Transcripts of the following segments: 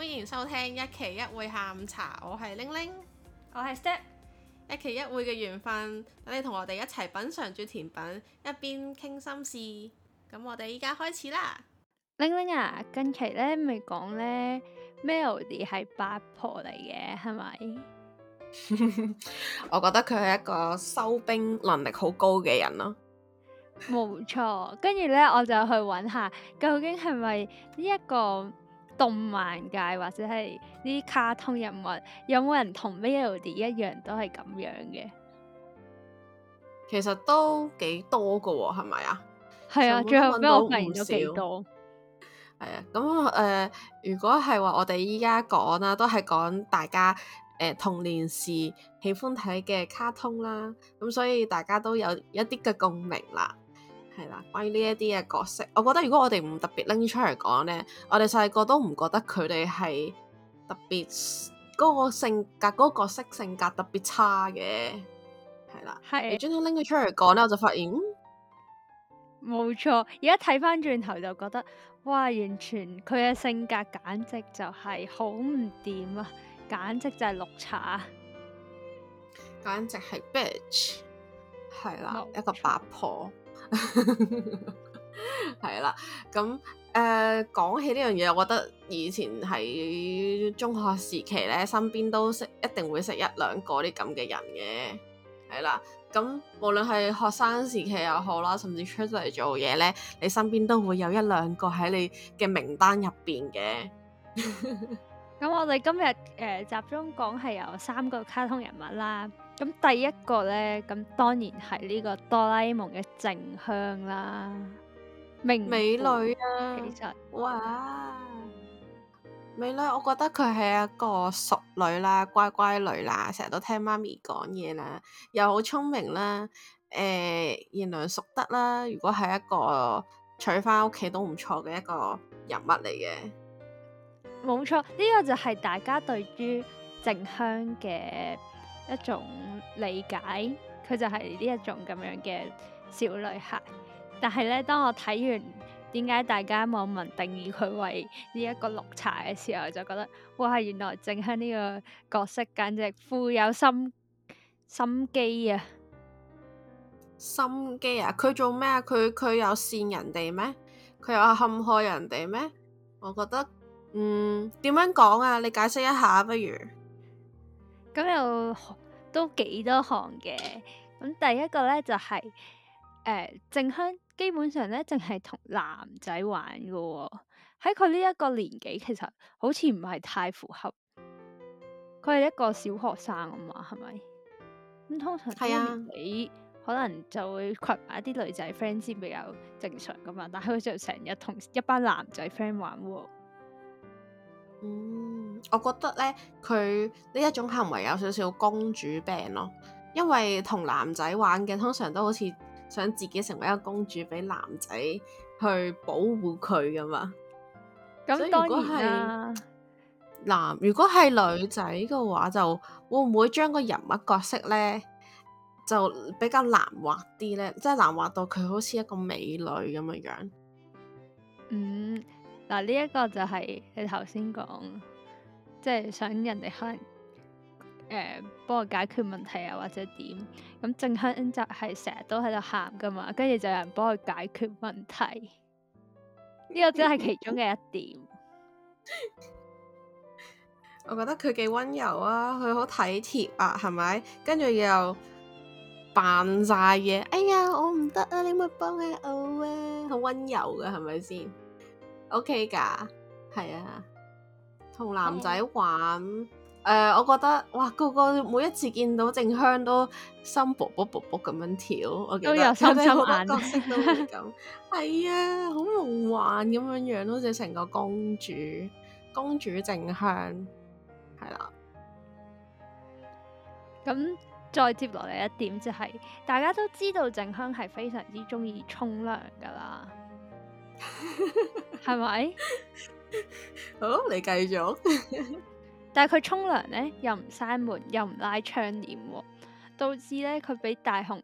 歡迎收聽一期一會下午茶，我係玲玲，我係是 Step，一期一會嘅緣分，等你同我哋一齊品嘗住甜品，一邊傾心事。咁我哋依家開始啦。玲玲啊，近期咧咪講咧 Melody 係八婆嚟嘅，係咪？ 我覺得佢係一個收兵能力好高嘅人咯。冇錯， 跟住咧我就去揾下，究竟係咪呢一個？動漫界或者係呢啲卡通人物，有冇人同 Melody 一樣都係咁樣嘅？其實都幾多㗎喎、哦，係咪啊？係啊，最後畀我發現咗幾多？係啊，咁誒，如果係話我哋依家講啦，都係講大家誒、呃、童年時喜歡睇嘅卡通啦，咁、嗯、所以大家都有一啲嘅共鳴啦。係啦，關於呢一啲嘅角色，我覺得如果我哋唔特別拎出嚟講咧，我哋細個都唔覺得佢哋係特別嗰個性格，嗰個角色性格特別差嘅。係啦，係，你專登拎佢出嚟講咧，我就發現冇錯。而家睇翻轉頭就覺得，哇，完全佢嘅性格簡直就係好唔掂啊，簡直就係綠茶，簡直係 bitch，係啦，冇錯，一個八婆。係啦，咁誒， 講、呃、起呢樣嘢，我覺得以前喺中學時期咧，身邊都識一定會識一兩個啲咁嘅人嘅，係啦，咁無論係學生時期又好啦，甚至出咗嚟做嘢咧，你身邊都會有一兩個喺你嘅名單入邊嘅。咁 我哋今日誒、呃，集中講係有三個卡通人物啦。咁第一個呢，咁當然係呢個哆啦 A 夢嘅靜香啦，美美女啊，其實哇，美女，我覺得佢係一個淑女啦，乖乖女啦，成日都聽媽咪講嘢啦，又好聰明啦，誒，賢良淑德啦，如果係一個娶翻屋企都唔錯嘅一個人物嚟嘅，冇錯，呢個就係大家對於靜香嘅一種理解，佢就係呢一種咁樣嘅小女孩。但係呢，當我睇完點解大家網民定義佢為呢一個綠茶嘅時候，就覺得哇，原來正喺呢個角色簡直富有心心機啊！心機啊！佢做咩啊？佢佢有扇人哋咩？佢有陷害人哋咩？我覺得，嗯，點樣講啊？你解釋一下不如？咁又、嗯、都幾多行嘅？咁、嗯、第一個咧就係誒靜香，呃、基本上咧淨係同男仔玩嘅喎、哦。喺佢呢一個年紀，其實好似唔係太符合。佢係一個小學生啊嘛，係咪？咁、嗯、通常你、啊、可能就會群埋一啲女仔 friend 先比較正常㗎嘛，但係佢就成日同一班男仔 friend 玩喎、哦。嗯，我覺得咧，佢呢一種行為有少少公主病咯，因為同男仔玩嘅，通常都好似想自己成為一個公主，俾男仔去保護佢㗎嘛。咁、嗯、如果係男，如果係女仔嘅話，就會唔會將個人物角色咧就比較難畫啲咧，即係難畫到佢好似一個美女咁嘅樣。嗯。嗱，呢一個就係你頭先講，即係想人哋可能誒幫我解決問題啊，或者點？咁正香就係成日都喺度喊噶嘛，跟住就有人幫佢解決問題。呢個只係其中嘅一點。 我覺得佢幾溫柔啊，佢好體貼啊，係咪？跟住又扮晒嘢。哎呀，我唔得啊，你咪幫下我啊！好溫柔噶，係咪先？O K 噶，係啊、okay，同、yeah. 男仔玩，誒 Yeah.、呃，我覺得哇，個個每一次見到靜香都心卜卜卜卜咁樣跳，我都有好多角色都係咁，係啊，好夢幻咁樣樣，好似成個公主，公主靜香，係、yeah. 啦。咁再接落嚟一點就係、是，大家都知道靜香係非常之中意沖涼噶啦。係咪？好 ，oh, 你繼續。 但係佢沖涼呢，又唔閂門，又唔拉窗簾，啊，導致呢，佢俾大雄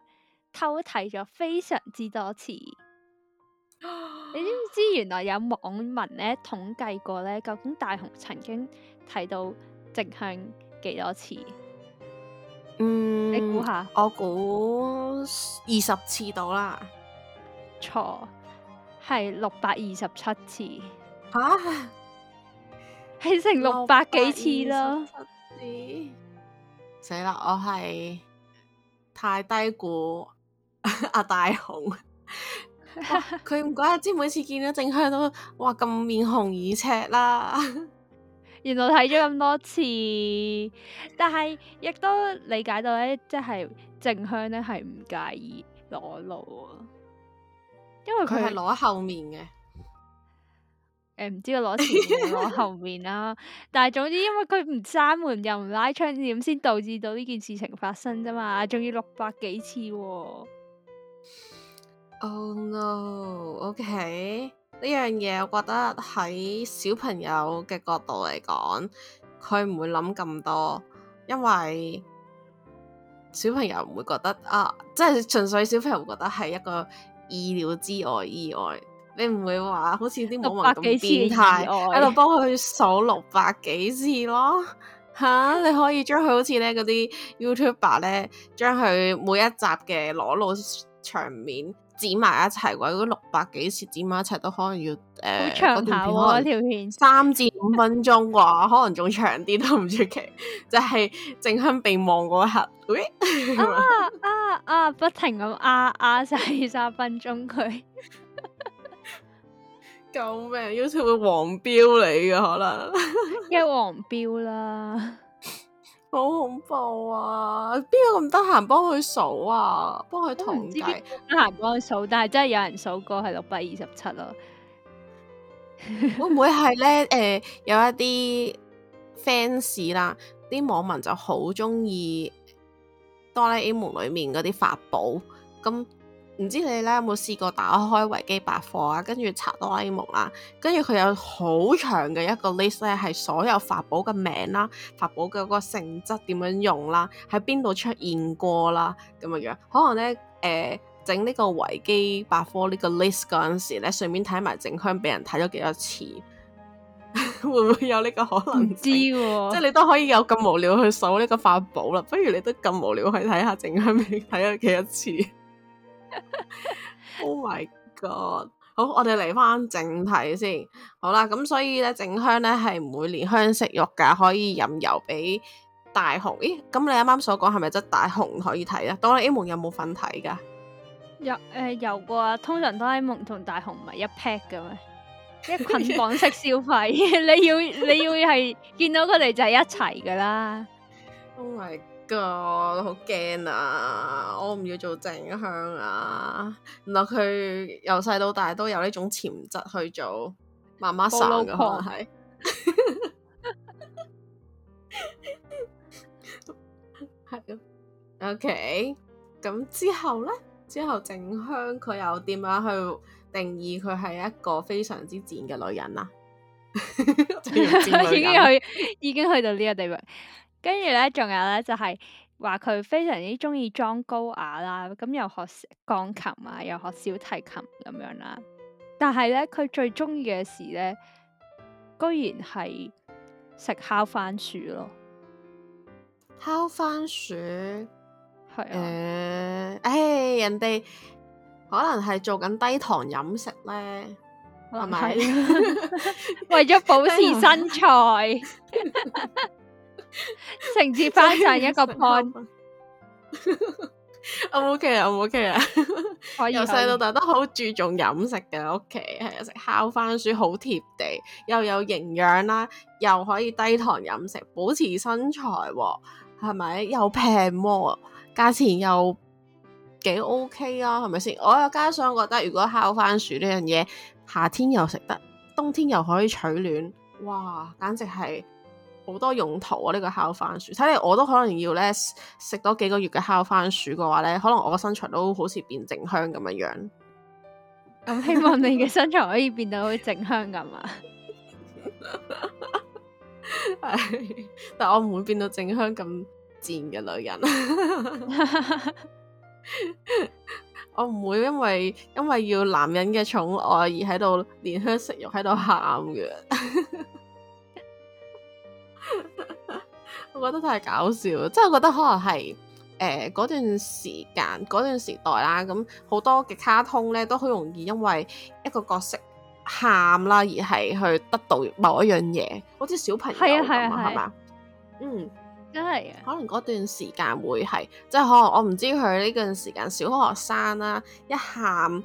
偷睇咗非常之多次。 你知唔知原來有網民呢，統計過呢，究竟大雄曾經睇到靜香幾多次？嗯，你估下？我估二十次到啦。錯。係六百二十七次，吓，啊，係成六百幾次咯？死！死啦！我係太低估阿、 啊、大雄，佢 唔 怪之每次見到靜香都哇咁面紅耳赤啦。 原來睇咗咁多次，但係亦都理解到咧，即係靜香咧係唔介意裸露啊。因為佢係攞喺後面嘅，誒唔知佢攞前面攞後面啦，但係總之因為佢唔閂門又唔拉窗簾，先導致到呢件事情發生啫嘛，仲要六百幾次。Oh no！OK，呢樣嘢我覺得喺小朋友嘅角度嚟講，佢唔會諗咁多，因為小朋友唔會覺得啊，即係純粹小朋友覺得係一個。意料之外，意外，你唔會話好似啲網民咁變態喺度幫佢數六百幾次咯。 你可以將佢好似咧嗰啲 YouTuber 咧，將佢每一集嘅裸露場面。剪埋一齊鬼，嗰六百幾次剪，剪埋一齊都可能要誒好長嗰條片三至五分鐘啩，可能仲 長啲都唔出奇。 就係靜香被望嗰一刻，喂、哎， 啊啊啊！不停咁啊啊，晒、啊、二三,三分鐘佢 ，救命！要出個黃標嚟嘅，可能， 一黃標啦。好恐怖啊！邊個咁得閒幫佢數啊？幫佢統計，得閒幫佢數，但係真係有人數過係六百二十七咯。 會唔會係咧？誒、呃，有一啲 fans 啦，啲網民就好中意《哆啦 A 夢》裏面嗰啲法寶咁。唔知你咧有冇試過打開維基百科啊，跟住查哆啦 A 夢啦，跟住佢有好長嘅一個 list 咧，係所有法寶嘅名啦、啊，法寶嘅嗰個性質點樣用啦、啊，喺邊度出現過啦、啊，咁樣樣可能咧誒，整、呃、呢個維基百科呢個 list 嗰陣時咧，順便睇埋靜香俾人睇咗幾多次， 會唔會有呢個可能？唔知喎、啊，即係你都可以有咁無聊去數呢個法寶啦，不如你都咁無聊去睇下靜香俾睇咗幾多次。Oh my god！好，我哋嚟翻正題先。好啦，咁所以咧，整香咧係唔會連香食肉噶，可以任由俾大雄。咦，咁你啱啱所講係咪真？大雄可以睇啊？哆啦 A 夢有冇份睇噶？有誒，有過啊。通常哆啦 A 夢同大雄唔係一 pack 嘅咩？一捆綁式消費，你要你要係見到佢哋就係一齊噶啦。因為。個好驚啊！我唔要做靜香啊！原來佢由細到大都有呢種潛質去做媽媽生嘅可能，係，係咯 ，OK。咁之後呢？之後靜香佢又點樣去定義佢係一個非常之賤嘅女人啊？ 人 已經去，已經去到呢個地步。跟住咧，仲有咧，就係話佢非常之中意裝高雅啦。咁又學鋼琴啊，又學小提琴咁樣啦。但係咧，佢最中意嘅事咧，居然係食烤番薯咯。烤番薯係啊，誒、 呃， 人哋可能係做緊低糖飲食咧，可能係為咗保持身材。笑 承接返一個 point，我 OK 啊，我 OK 啊。我由細到大都好注重飲食嘅屋企，係食、okay. 烤番薯好貼地，又有營養啦，又可以低糖飲食，保持身材喎，係咪？又平喎，哦，價錢又幾 OK 啊，係咪先？我又加上覺得，如果烤番薯呢樣嘢，夏天又食得，冬天又可以取暖，哇，簡直係～好多用途啊！呢、這個烤番薯，睇嚟我都可能要咧食多幾個月嘅烤番薯嘅話咧，可能我個身材都好似變靜香咁樣樣。咁希望你嘅身材 可以變到好似靜香咁啊 但我唔會變到靜香咁賤嘅女人， 我唔會因為因為要男人嘅寵愛而喺度憐香惜玉喺度喊嘅。 我覺得太搞笑，即係我覺得可能係誒嗰段時間嗰段時代啦，咁、嗯、好多嘅卡通咧都好容易因為一個角色喊啦而係去得到某一樣嘢，好似小朋友咁啊，係咪、啊啊、嗯，真係，可能嗰段時間會係，即係可能我唔知佢呢段時間小學生啦，一喊。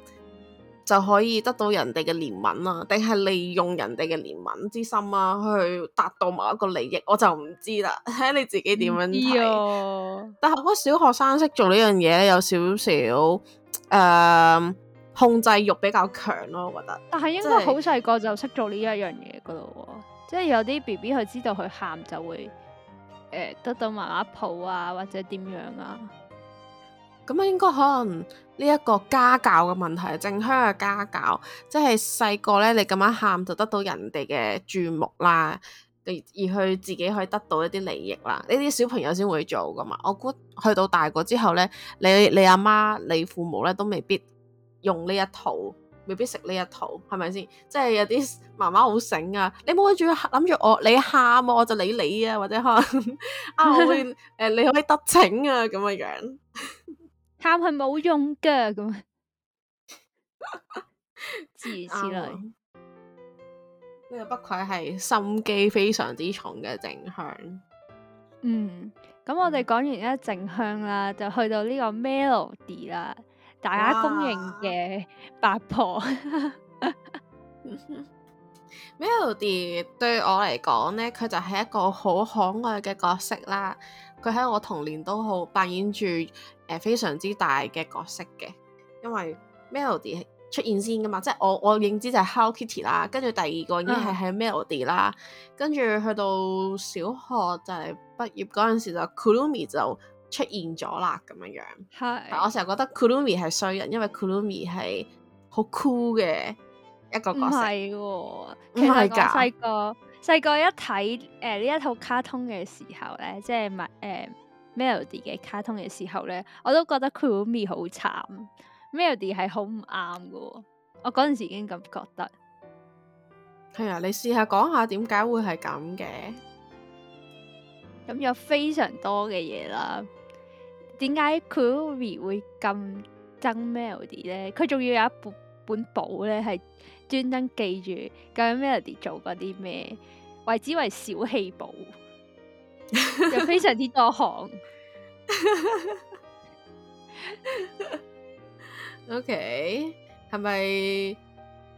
就可以得到人哋嘅憐憫啊，定係利用人哋嘅憐憫之心啊，去達到某一個利益，我就唔知啦，睇你自己點樣睇。啊、但係嗰小學生識做呢樣嘢有少少誒、呃、控制欲比較強咯、啊，我覺得。但係應該好細個就識做呢一樣嘢噶咯喎，就是、即係有啲 B B 佢知道佢喊就會誒、呃、得到媽媽抱啊，或者點樣啊。咁啊，應該可能呢一個家教嘅問題，正香嘅家教，即係細個咧，你咁樣喊就得到人哋嘅注目啦，而去自己可以得到一啲利益啦。呢啲小朋友先會做噶嘛。我估去到大個之後咧，你你阿媽、你父母咧都未必用呢一套，未必食呢一套，係咪先？即係有啲媽媽好醒啊， 你冇諗住諗住我你喊、啊、我就理你啊，或者可能啊我會、 uh, 你可以得逞啊咁嘅樣，樣。喊係冇用嘅，咁啊，諸如此類。呢個不愧係心機非常之重嘅靜香。嗯，咁我哋講完咧靜香啦，就去到呢個 Melody 啦，大家公認嘅八婆。Melody 對我嚟講咧，佢就係一個好可愛嘅角色啦。佢喺我童年都好扮演住誒、呃、非常之大嘅角色嘅，因為 Melody 係出現先噶嘛，即係我我認知就係 Hello Kitty 啦，跟住第二個已經係喺 Melody 啦，跟住、嗯、去到小學就係、是、畢業嗰陣時就 Kurumi 就出現咗啦咁樣樣。係是，我成日覺得 Kurumi 係衰人，因為 Kurumi 係好酷、cool、嘅一個角色。唔係㗎，唔係細個。細個一睇誒呢一套卡通嘅時候咧，即係麥誒、呃、Melody 嘅卡通嘅時候咧，我都覺得 Kuromi 好慘，Melody 係好唔啱嘅。我嗰陣時已經咁覺得。係啊，你試下講下點解會係咁嘅？咁有非常多嘅嘢啦。點解 Kuromi 會咁憎 Melody 咧？佢仲要有一部，本簿呢係專登記住究竟 Melody 做過啲咩，為之為小氣簿，又非常之多行。OK，係咪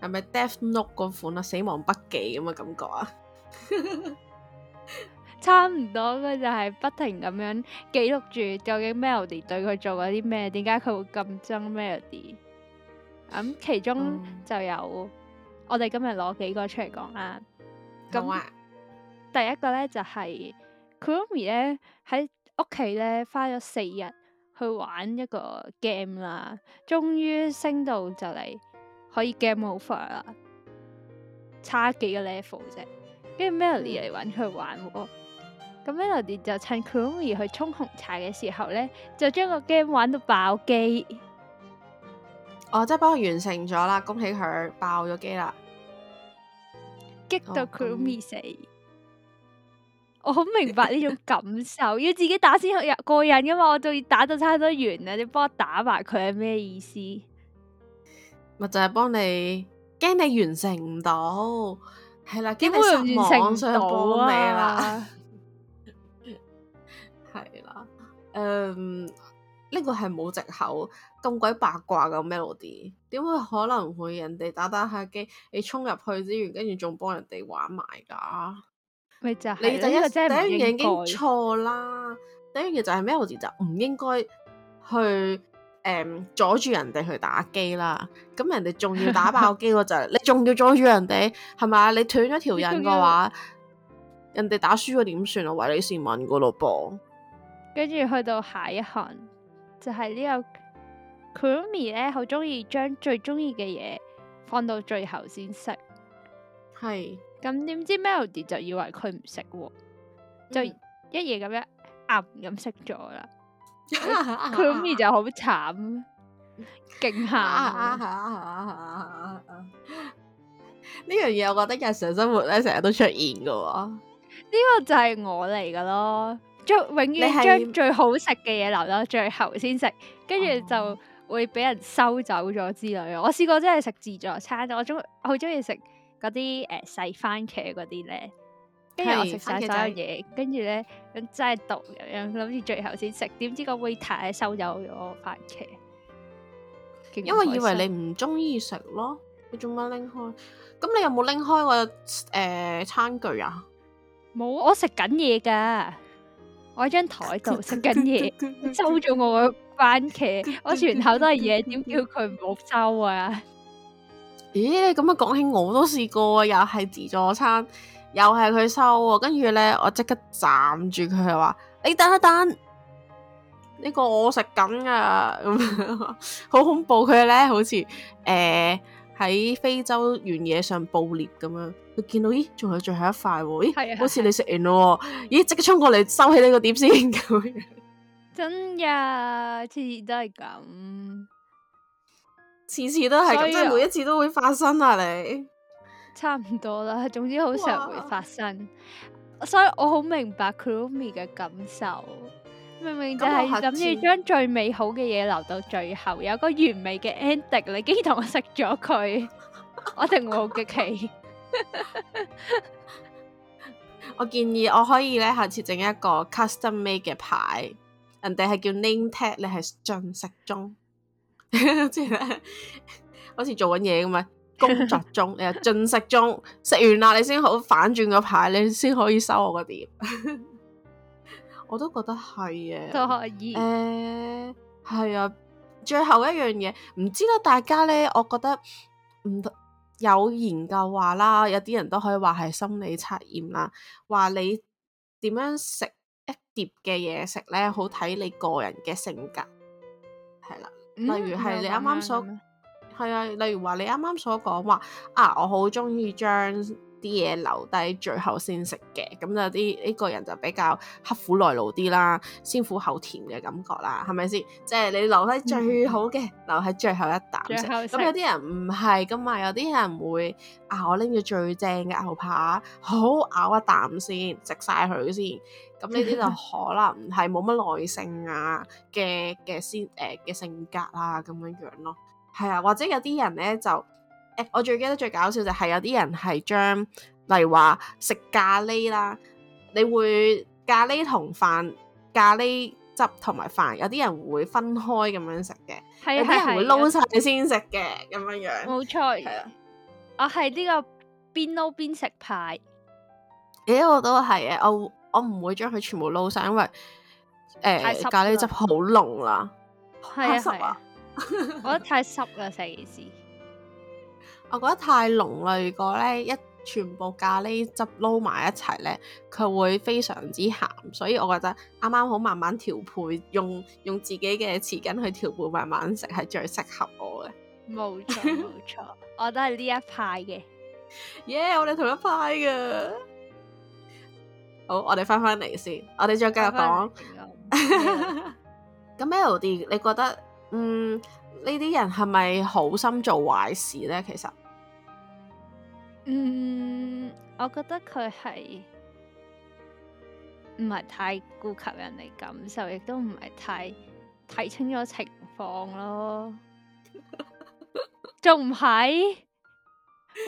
係咪 Death Note 嗰款啊？死亡筆記咁嘅感覺啊？差唔多，佢就係不停咁樣記錄住究竟 Melody 對佢做過啲咩，點解佢會咁憎 Melody？咁其中就有、嗯、我哋今日攞幾個出嚟講啦。咁那啊，第一個咧就係 Kuromi 咧喺屋企咧花咗四日去玩一個 game 啦，終於升到就嚟可以 game over 啦，差幾個 level 啫。跟住 Melody 嚟搵佢玩喎、哦，咁、嗯、Melody 就趁 Kuromi 去沖紅茶嘅時候咧，就將個 game 玩到爆機。哦，即係幫佢完成咗啦。恭喜佢爆咗機啦，激到佢唔死。哦、我好明白呢種感受， 要自己打先入過癮噶嘛，我仲要打到差唔多完啦，你幫我打埋佢係咩意思？咪就係幫你驚你完成唔到，係啦，驚你完成唔到啊，係 啦，嗯、um。呢個係冇藉口咁鬼八卦嘅 Melody，點會可能會人哋打打下機，你衝入去之餘，跟住仲幫人哋玩埋㗎，咪就係你第一第一樣嘢已經錯啦。第一樣嘢就係 Melody 就唔 mel 應該去誒、嗯、阻住人哋去打機啦。咁人哋仲要打爆機， 我就你仲要阻住人哋係咪啊？你斷咗條癮嘅話，人哋打輸咗點算啊？為你試問嘅咯噃，跟住去到下一行。就係呢個 Kuromi 咧，好中意將最中意嘅嘢，放到最後先食。係是。咁點知 Melody 就以為佢唔食喎，嗯、就一夜咁樣暗咁食咗啦。啊、 Kuromi 就好慘，勁 下了。呢樣嘢我覺得日常生活咧成日都出現噶、哦。呢個就係我嚟噶咯。將永遠將最好食嘅嘢留到最後先食，跟住就會俾人收走咗之類。我試過真係食自助餐，我中好中意食嗰啲誒細番茄嗰啲咧。跟住後我食晒所有嘢，跟住咧真係獨咁諗住最後先食，點知個 waiter 收走咗番茄，因為以為你唔中意食咯，你做乜拎開？咁你有冇拎開個誒、呃、餐具啊？冇，我食緊嘢噶。我喺張台度食緊嘢，收咗我個番茄， 我全頭都係嘢，點叫佢唔好收啊？咦，咁樣，講起我都試過，又係自助餐，又係佢收，跟住咧，我即刻站住佢係話，你等一等，呢、欸這個我食緊噶，咁好 恐怖，佢咧好似誒喺非洲原野上暴裂咁樣。佢見到咦，仲有最後一塊喎？咦，好似是你食完咯喎？是是是是咦，即刻衝過嚟收起呢個點先咁 啊、樣。真㗎，次次都係咁，次次都係咁，即係每一次都會發生啊！你差唔多啦，總之好常會發生。哇所以我好明白 Kuromi 嘅感受，明明就係諗要將最美好嘅嘢留到最後，有個完美嘅 ending 你竟然同我食咗佢， 我一定會好激氣。 我建議我可以咧，下次整一個 custom made 嘅牌，人哋係叫 name tag，你係進食中，好似咧，好似做緊嘢咁啊，工作中，你又進食中，食完啦，你先好反轉個牌，你先可以收我個碟。 我都覺得係嘅，都可以，誒、呃，係啊，最後一樣嘢，唔知道大家咧，我覺得唔有研究話啦，有啲人都可以話係心理測驗啦，話你點樣食一碟嘅嘢食咧，好睇你個人嘅性格，係啦，例如係你啱啱所，係啊，例如話你啱啱所講話啊，我好中意將。啲嘢留低最後先食嘅，咁有啲呢個人就比較刻苦耐勞啲啦，先苦後甜嘅感覺啦，係咪先？即係你留低最好嘅，嗯、留喺最後一啖食。咁有啲人唔係噶嘛，有啲人會啊，我拎住最正嘅牛扒，好咬一啖先，食晒佢先。咁呢啲就可能係冇乜耐性啊嘅嘅 先誒嘅、呃、性格啊咁樣樣咯。係啊，或者有啲人咧就～誒，我最記得最搞笑就係有啲人係將，例如話食咖喱啦，你會咖喱同飯、咖喱汁同埋飯，有啲人會分開咁樣食嘅，有啲人會撈曬先食嘅咁樣樣。冇錯，係啊，我係呢個邊撈邊食派。咦，我都係誒，我我唔會將佢全部撈晒，因為誒咖喱汁好濃啦，係啊，我覺得太濕啦成件事。我覺得太濃啦，如果咧一全部咖喱汁撈埋一齊咧，佢會非常之鹹，所以我覺得啱啱好慢慢調配，用用自己嘅匙羹去調配，慢慢食係最適合我嘅。冇錯冇錯，錯 我都係呢一派嘅。耶！Yeah，我哋同一派㗎。好，我哋返返嚟先，我哋再繼續講。咁 ，Melody，你覺得嗯呢啲人係咪好心做壞事咧？其實？嗯，我覺得佢係唔係太顧及人哋感受，亦都唔係太睇清楚情況咯。仲唔係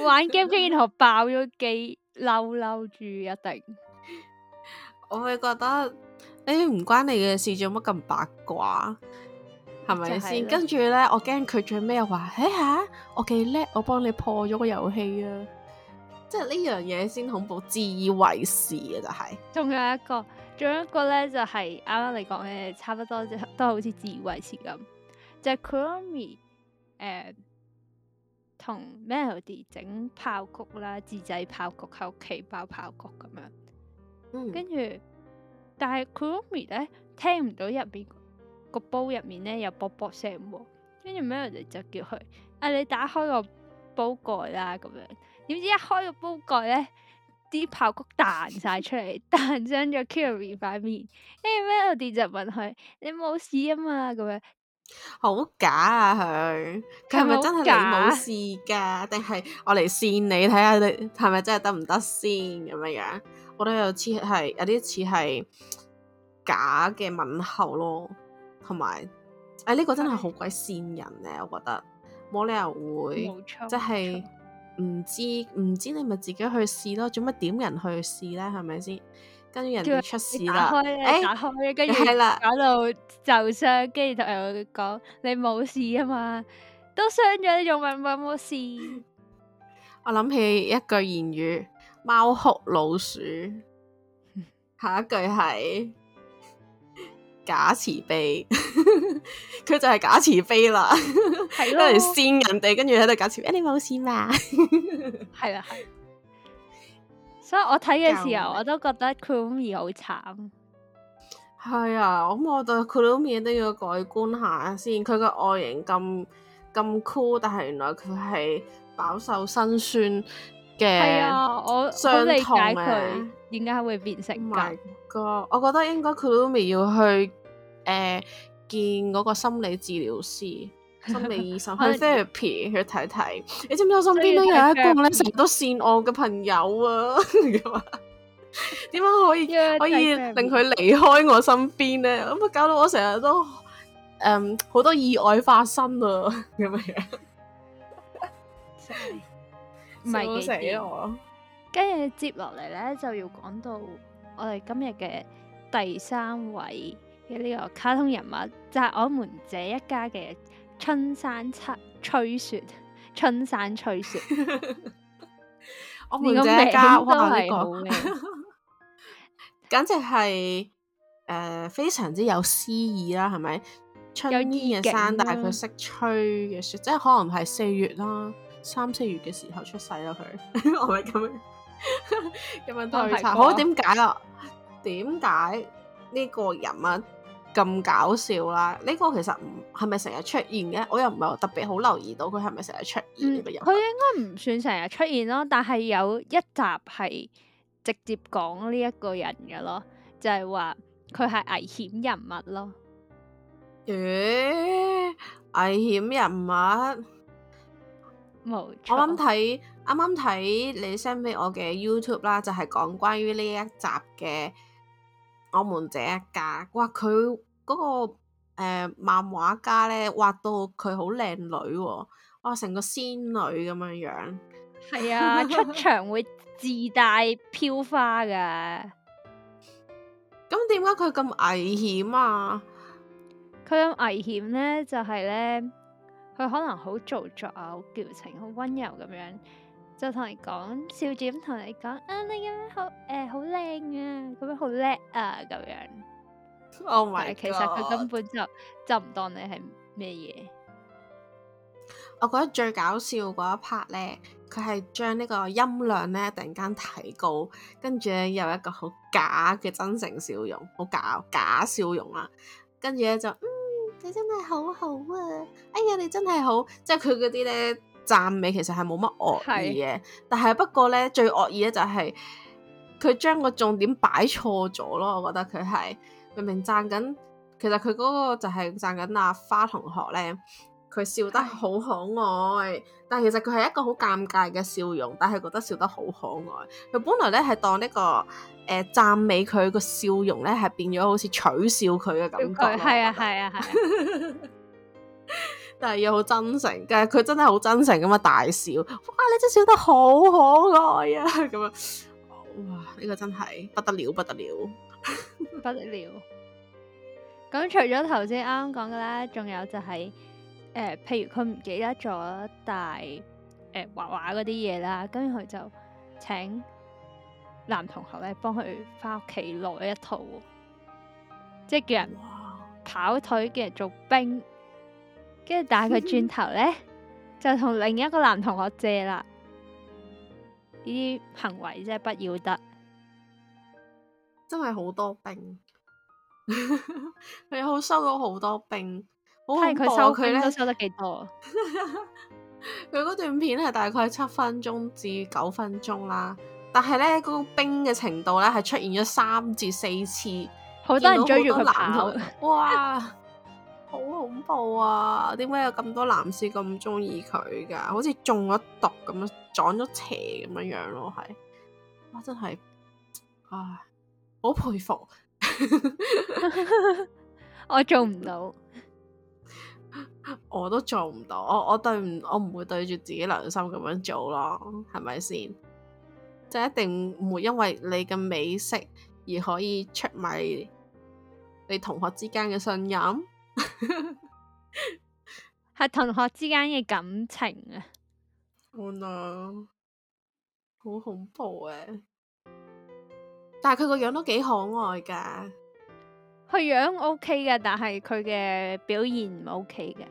玩 game，竟然同爆咗機，嬲嬲住一定。 我會覺得呢唔、欸、關你嘅事，做乜咁八卦？係咪先？跟住咧，我驚佢最尾又話：哎、欸、呀、啊，我幾叻，我幫你破咗個遊戲啊！即係呢樣嘢先恐怖，自以為是嘅就係，仲有一個，仲有一個咧，就係啱啱你講嘅，差唔多都好似自以為是咁。就 Kuromi、是、誒、呃、同 Melody 整爆谷啦，自製爆谷喺屋企爆爆谷咁樣，跟住、嗯，但係 Kuromi 咧聽唔到入面、嗰個煲入面咧有啵啵聲喎、喔，跟住 Melody 就叫佢啊，你打開個煲蓋啦咁樣。點知一開個煲蓋咧，啲爆谷彈晒出嚟，彈傷咗 Kerry 塊面。跟住 Melody 就問佢：你冇事啊嘛？咁樣好假啊！佢佢係咪真係嚟冇事噶？定係我嚟扇你睇下你係咪真係得唔得先？咁樣樣，我都有似係有啲似係假嘅問候咯，同埋，誒呢個真係好鬼扇人咧、啊！對我覺得冇理由會即係。錯唔知唔知，你咪自己去試咯，做乜點人去試咧？係咪先？跟住人出事啦，哎，打開、啊，跟住係啦，搞到受傷，跟住同人講你冇事啊嘛，都傷咗，你仲問有冇事？我諗起一句言語，貓哭老鼠， 下一句係。假慈悲，佢 就係假慈悲啦，嚟扇人哋，跟住喺度假慈悲，你冇事嘛？係啊係，所以我睇嘅時候，我都覺得 Kurumi 好慘。係啊，咁我對 Kurumi 都要改觀下先，佢個外形咁咁 cool，但係原來佢係飽受辛酸嘅。係啊，我想同佢。點解會變成咁樣？我我覺得應該 Kulumi 要去誒見嗰個心理治療師、心理醫生去 therapy 去睇睇。你知唔知我身邊都有一個咧成日都善惡嘅朋友啊？點解可以可以令佢離開我身邊咧？咁啊搞到我成日都誒好多意外發生啊！咁樣，笑死我。跟住接落嚟咧，就要講到我哋今日嘅第三位嘅呢個卡通人物，就係、是、我們這一家嘅春山七吹雪，春山吹雪。我個 名都係好， 簡直係誒、呃、非常之有詩意啦，係咪？春煙嘅山，但係佢識吹嘅雪，即係可能係四月啦，三四月嘅時候出世啦佢。 我咪咁樣。咁樣都係，我點解啊？點解呢個人物咁搞笑啦？呢、這個其實唔係咪成日出現嘅？我又唔係特別好留意到佢係咪成日出現嘅、嗯、人。佢應該唔算成日出現咯，但係有一集係直接講呢一個人嘅咯，就係話佢係危險人物咯。誒、欸，危險人物。我啱睇，啱啱睇你 send 俾我嘅 YouTube 啦，就係、是、講關於呢一集嘅我們這一家。哇，佢嗰、那個誒、呃、漫畫家咧，畫到佢好靚女、哦，哇，成個仙女咁樣樣。係啊， 出場會自帶飄花噶。咁點解佢咁危險啊？佢咁危險咧，就係、是、咧。佢可能好做作啊，好矯情，好溫柔咁樣，就同你講笑住咁同你講，啊你咁樣好誒好靚啊，咁樣好叻啊咁樣。Oh my god！其實佢根本就就唔當你係咩嘢。我覺得最搞笑嗰一 part 咧，佢係將呢個音量咧突然間提高，跟住咧有一個好假嘅真誠笑容，好假假笑容啦，跟住咧就。你真係好好啊！哎呀，你真係好，即係佢嗰啲咧讚美，其實係冇乜惡意嘅。是但係不過咧，最惡意咧就係佢將個重點擺錯咗咯。我覺得佢係明明讚緊，其實佢嗰個就係讚緊阿花同學咧。佢笑得好可愛，的但係其實佢係一個好尷尬嘅笑容，但係覺得笑得好可愛。佢本來咧係當呢、呢個誒讚、呃、美佢個笑容咧，係變咗好似取笑佢嘅感覺。係啊係啊係。但係又好真誠，但係佢真係好真誠咁樣，大笑。哇，你真笑得好可愛啊！咁樣哇，呢、呃呢個真係不得了，不得了， 不得了。咁除咗頭先啱啱講嘅啦，仲有就係、係。誒、呃，譬如佢唔記得咗帶誒、呃、畫畫嗰啲嘢啦，跟住佢就請男同學咧幫佢翻屋企攞一套，即係叫人跑腿，叫人做兵。跟住，但係佢轉頭咧 就同另一個男同學借啦。呢啲行為真係不要得，真係好多兵，佢 好收到好多兵。好恐怖！佢收片都收得幾多？佢嗰 段片係大概七分鐘至九分鐘啦，但係咧，嗰個冰嘅程度咧係出現咗三至四次，好多人多追住佢跑男，哇！ 好恐怖啊！點解有咁多男士咁中意佢噶？好似中咗毒咁樣，撞咗邪咁樣樣咯，係哇！真係啊，好佩服， 我做唔到。我都做唔到，我我對唔我唔會對住自己良心咁樣做咯，係咪先？就是、一定唔會因為你嘅美色而可以出賣你同學之間嘅信任，係 同學之間嘅感情啊！好、oh no，恐怖誒、啊！但係佢個樣都幾可愛噶。佢樣 O K 嘅，但係佢嘅表現唔 O K 嘅。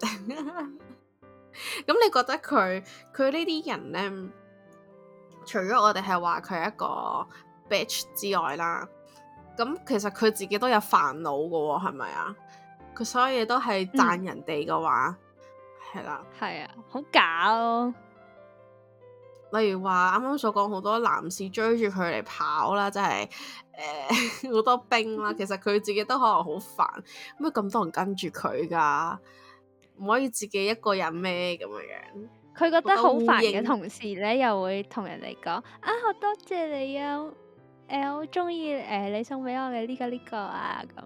咁 你覺得佢佢呢啲人咧，除咗我哋係話佢係一個 bitch 之外啦，咁其實佢自己都有煩惱嘅喎、哦，係咪啊？佢所有嘢都係讚人哋嘅話，係、嗯、啦，係啊，好假咯、哦、～例如話啱啱所講，好多男士追住佢嚟跑啦，即係誒好多兵啦。 其實佢自己都可能好煩，乜咁多人跟住佢噶，唔可以自己一個人咩咁樣樣？佢覺得好煩嘅同時咧，又會同人哋講 啊，好多謝你啊，誒、啊，我好中意誒你送俾我嘅呢個呢個啊，咁，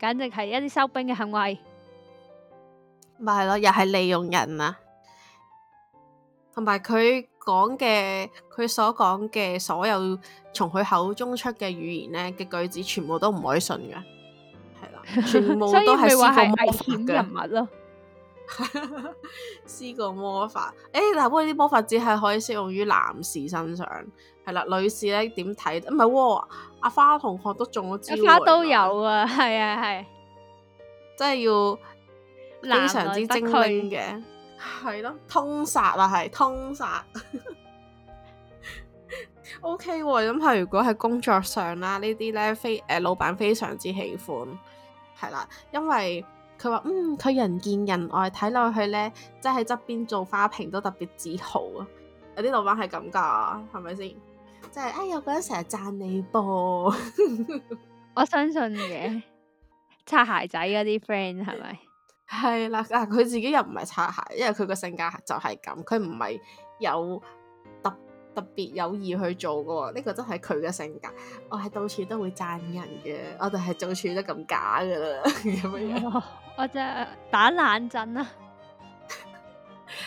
簡直係一啲收兵嘅行為。咪係咯，又係利用人啊，同埋佢。講嘅佢所講嘅所有從佢口中出嘅語言咧嘅句子全，全部都唔可 以信嘅，係啦，全部都係施個魔嘅人物咯，施個 魔法誒嗱，不過啲魔法只係可以適用於男士身上，係啦，女士咧點睇？唔係，阿、啊啊、花同學都中咗招，阿花、啊啊、都有啊，係啊係，即係要非常之精靈嘅。係咯，通殺啊，係通殺。O K 喎，咁係如果喺工作上啦，呢啲咧非誒、呃、老闆非常之喜歡，係啦，因為佢話嗯佢人見人愛，睇落去咧，即係喺側邊做花瓶都特別自豪啊！有啲老闆係咁噶，係咪先？即係啊，有個人成日讚你噃、啊， 我相信嘅擦 鞋仔嗰啲 friend 係咪？ 係啦，嗱佢、啊、自己又唔係擦鞋，因為佢個性格就係咁，佢唔係有特特別有意去做㗎，呢、這個都係佢嘅性格。我係到處都會讚人嘅，我哋係到處都咁假㗎啦，咁 樣麼我，我就、呃、打冷震啦。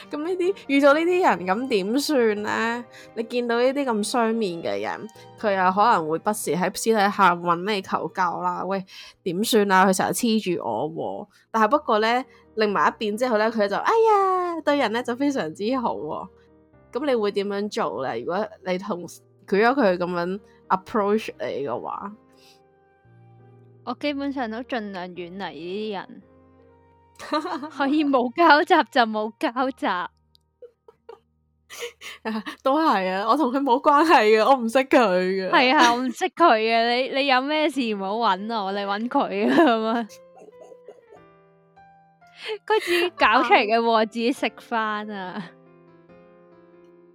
咁呢啲遇到呢啲人，咁點算咧？你見到呢啲咁雙面嘅人，佢又可能會不時喺私底下揾你求教啦。喂，點算啊？佢成日黐住我喎，但係不過咧，另埋一邊之後咧，佢就哎呀，對人咧就非常之好喎。咁你會點樣做咧？如果你同佢咗佢咁樣 approach 你嘅話，我基本上都盡量遠離呢啲人。可以冇交集就冇交集。 都係啊！我同佢冇關係嘅，我唔識佢嘅。係啊，我唔識佢嘅。你，你有咩事唔好搵我，你搵佢啊。咁啊，佢 自己搞出嚟嘅，自己食翻啊！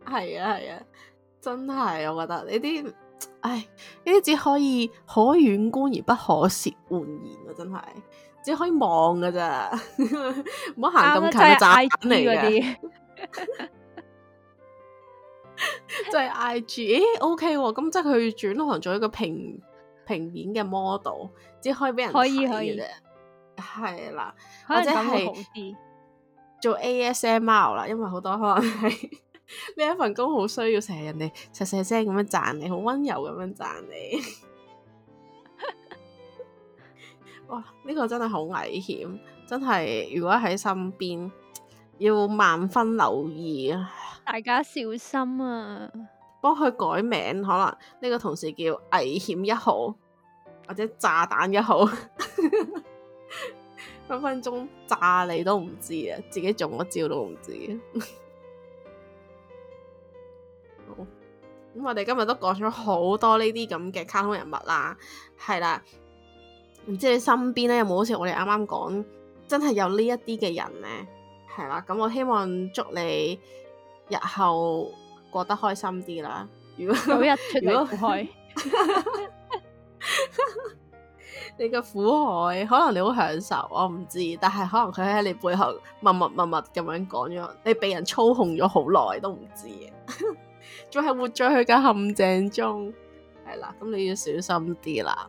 係啊，係啊，啊，真係我覺得呢啲，唉，呢啲只可以可遠觀而不可褻玩焉啊！真係。只可以望嘅咋，唔好行咁近嘅炸品嚟嘅。即係 I G，咦 O K 喎，咁即係佢轉行做一個平平面嘅 model，只可以俾人睇可以可以嘅，係啦 了，可或者係做 A S M R 啦，因為好多可能係呢 一份工好需要成日人哋細細聲咁樣贊你，好溫柔咁樣贊你。哇！呢個真係好危險，真係如果喺身邊要萬分留意啊！大家小心啊！幫佢改名，可能呢個同事叫危險一號，或者炸彈一號， 分分鐘炸你都唔知啊！自己中咗招都唔知好咁， 我哋今日都講咗好多呢啲咁嘅卡通人物啦，係啦。唔知你身邊咧有冇好似我哋啱啱講，真係有呢一啲嘅人咧，係啦。咁我希望祝你日後過得開心啲啦。如果有一日出嚟苦海， 你嘅苦海可能你好享受，我唔知。但係可能佢喺你背後默默默默咁樣講咗，你被人操控咗好耐都唔知，仲 係活在佢嘅陷阱中。係啦，咁你要小心啲啦。